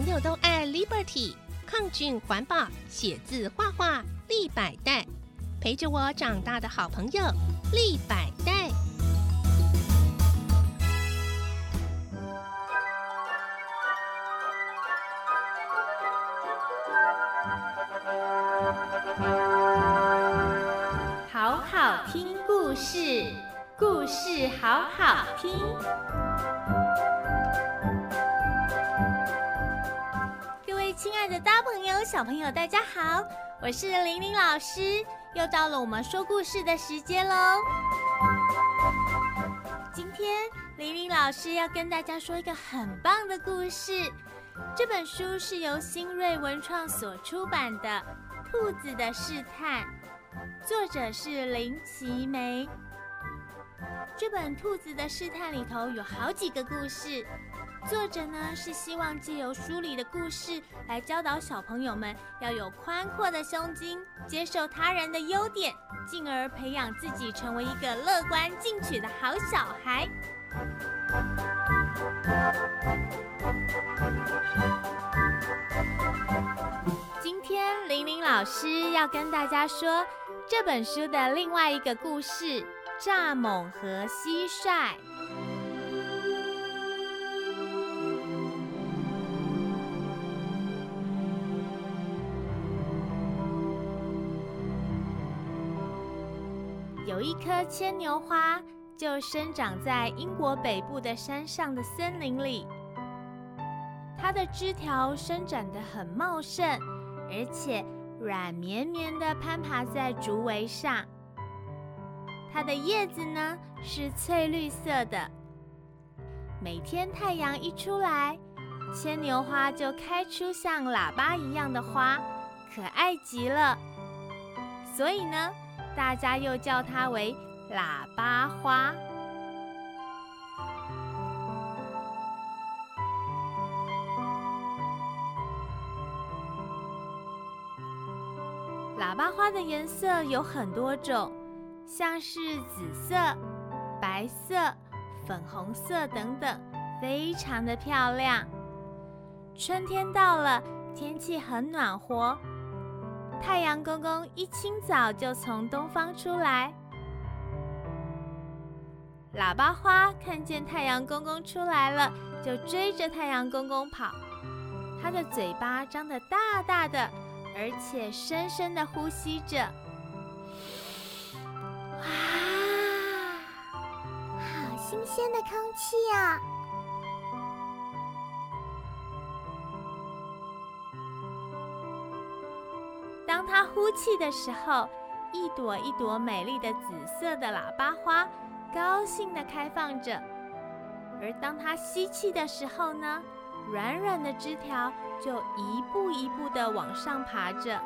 朋友都愛 Liberty，抗菌環保，寫字畫畫，利百代，陪着我長大的好朋友利百代。好好聽故事，故事好好聽。小朋友，大家好，我是玲玲老師，又到了我們說故事的時間嘍。今天玲玲老師要跟大家說一個很棒的故事，這本書是由新銳文創所出版的《兔子的試探》，作者是林奇梅。這本《兔子的試探》裡頭有好幾個故事。作者呢是希望借由書裡的故事來教導小朋友們要有寬闊的胸襟，接受他人的優點，進而培養自己成為一個樂觀進取的好小孩。今天玲玲老師要跟大家說這本書的另外一個故事：蚱蜢和蟋蟀。有一棵牽牛花，就生長在英國北部的山上的森林裡。它的枝條伸展得很茂盛，而且軟綿綿地攀爬在竹圍上。它的葉子呢是翠綠色的。每天太陽一出來，牽牛花就開出像喇叭一樣的花，可愛極了。所以呢，大家又叫它為喇叭花。喇叭花的顏色有很多種，像是紫色、白色、粉紅色等等，非常的漂亮。春天到了，天氣很暖和。太陽公公一清早就從東方出來，喇叭花看見太陽公公出來了，就追着太陽公公跑。它的嘴巴張得大大的，而且深深的呼吸着。哇，好新鮮的空氣啊！當它呼氣的時候，一朵一朵美麗的紫色的喇叭花高興地開放着；而當它吸氣的時候呢，軟軟的枝條就一步一步地往上爬着。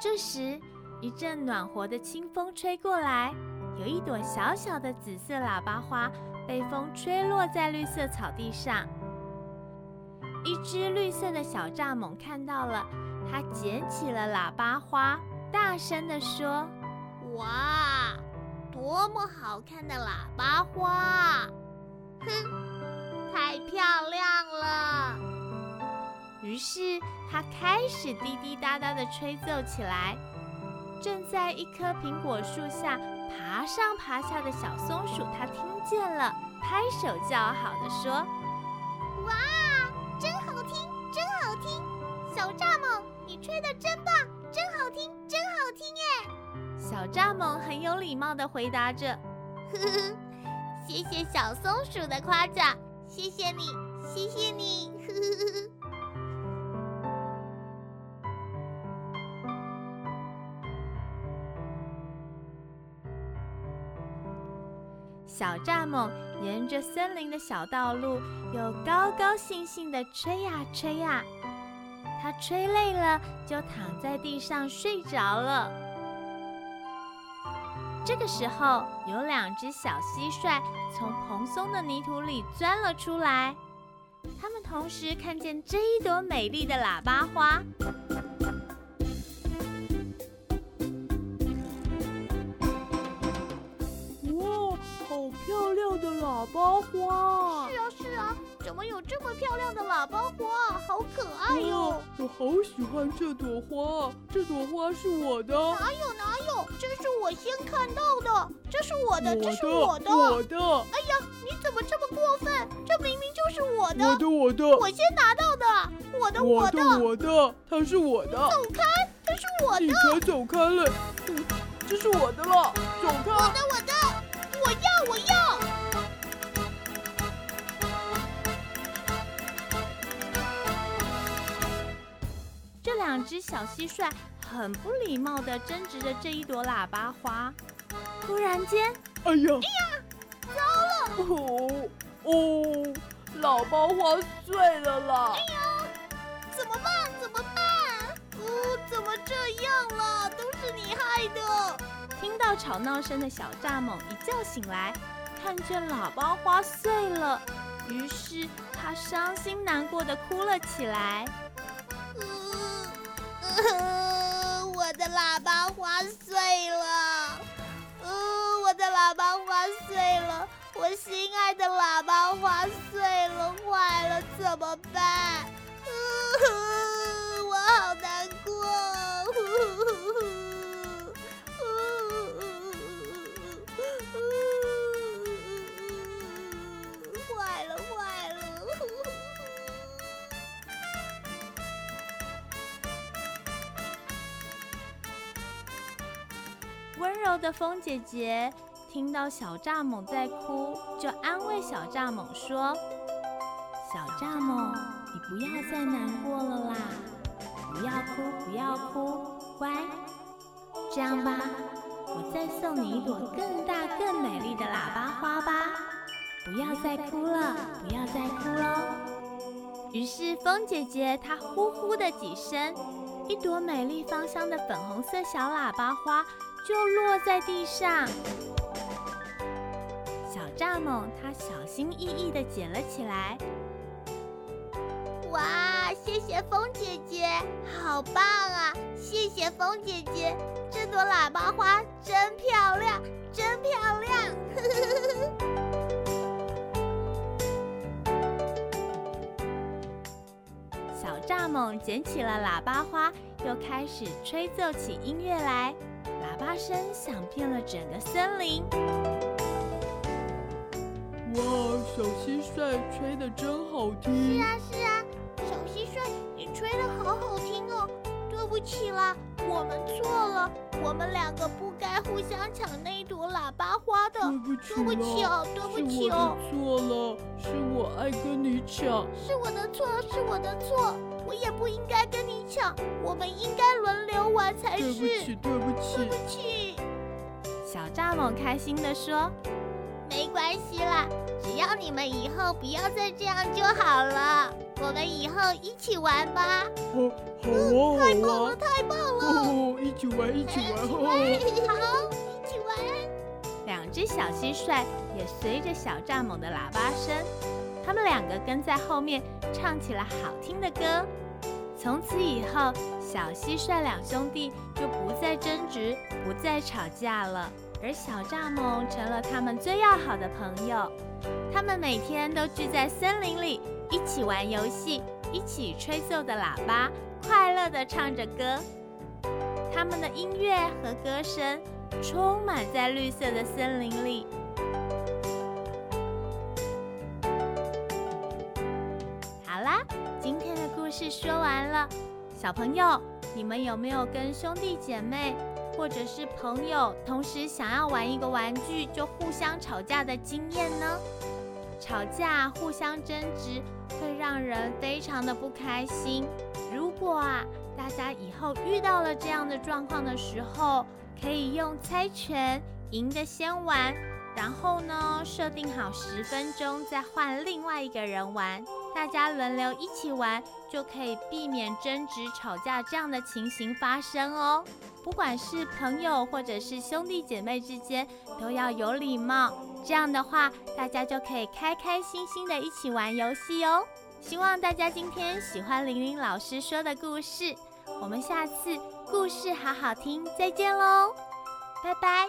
這時，一陣暖和的清風吹過來，有一朵小小的紫色喇叭花被風吹落在綠色草地上。一隻綠色的小蚱蜢看到了，它撿起了喇叭花，大聲地說：“哇，多麼好看的喇叭花！哼，太漂亮了。”於是它開始滴滴答答地吹奏起來。正在一棵蘋果樹下爬上爬下的小松鼠，它聽見了，拍手叫好地說。小蚱蜢，你吹的真棒，真好聽，真好聽耶！小蚱蜢很有禮貌的回答着：“呵呵，謝謝小松鼠的誇獎，謝謝你，謝謝你。 ”小蚱蜢沿着森林的小道路，又高高興興的吹呀吹呀。它吹累了，就躺在地上睡着了。這個時候，有兩隻小蟋蟀從蓬鬆的泥土裡鑽了出來，它們同時看見這一朵美麗的喇叭花。哇，好漂亮的喇叭花！怎麼有這麼漂亮的喇叭花啊？好可愛喲！我好喜歡這朵花啊，這朵花是我的。哪有哪有？這是我先看到的，這是我的，我的這是我的，我的。哎呀，你怎麼這麼過分？這明明就是我的，我的，我的，我的，我先拿到的，我的，我的，我的，我的，它是我的。走開，它是我的。你可走開了，這是我的了。走開，我的，我的，我的。兩隻小蟋蟀很不禮貌地爭執着這一朵喇叭花。突然間，哎呀，哎呀，糟了！哦哦，喇叭花碎了啦！哎呀，怎麼辦？怎麼辦？哦，怎麼這樣了？都是你害的！聽到吵鬧聲的小蚱蜢一覺醒來，看見喇叭花碎了，於是他傷心難過的哭了起來。嗯呃，我的喇叭花碎了。嗯，呃，我的喇叭花碎了，我心愛的喇叭花碎了，壞了，怎麼辦？嗯，呃。呃的風姐姐聽到小蚱蜢在哭，就安慰小蚱蜢說：“小蚱蜢，你不要再難過了啦，不要哭，不要哭，乖。這樣吧，我再送你一朵更大、更美麗的喇叭花吧。不要再哭了，不要再哭嘍。”於是風姐姐她呼呼的幾聲，一朵美麗芳香的粉紅色小喇叭花。就落在地上，小蚱蜢它小心翼翼地撿了起來。哇，謝謝風姐姐，好棒啊！謝謝風姐姐，這朵喇叭花真漂亮，真漂亮。 小蚱蜢撿起了喇叭花，又開始吹奏起音樂來。發聲響遍了整個森林。哇，小蟋蟀吹得真好聽！是啊是啊，小蟋蟀，你吹得好好聽哦。對不起啦，我們錯了，我們兩個不該互相搶那朵喇叭花的。對不起啊，對不起哦，對不起哦。是我錯了，是我愛跟你搶。是我的錯，是我的錯。我也不應該跟你搶，我們應該輪流玩才是。對不起，對不起，對不起。小蚱蜢開心地說：“沒關係啦，只要你們以後不要再這樣就好了。我們以後一起玩吧。好”太棒了、嗯、太棒了！哦，一起玩，一起玩哦。好，好， 好，一起玩。兩隻小蟋蟀也隨着小蚱蜢的喇叭聲，他們兩個跟在後面唱起了好聽的歌。從此以後，小蟋蟀兩兄弟就不再爭執，不再吵架了。而小蚱蜢成了他們最要好的朋友。他們每天都聚在森林裡，一起玩遊戲，一起吹奏着喇叭，快樂地唱着歌。他們的音樂和歌聲充滿在綠色的森林裡。是說完了，小朋友，你們有沒有跟兄弟姐妹或者是朋友同時想要玩一個玩具就互相吵架的經驗呢？吵架、互相爭執會讓人非常的不開心。如果啊，大家以後遇到了這樣的狀況的時候，可以用猜拳，贏的先玩，然後呢，設定好十分鐘再換另外一個人玩，大家輪流一起玩。就可以避免爭執、吵架這樣的情形發生哦。不管是朋友或者是兄弟姐妹之間，都要有禮貌。這樣的話，大家就可以開開心心的一起玩遊戲哦。希望大家今天喜歡玲玲老師說的故事。我們下次故事好好聽，再見嘍，拜拜。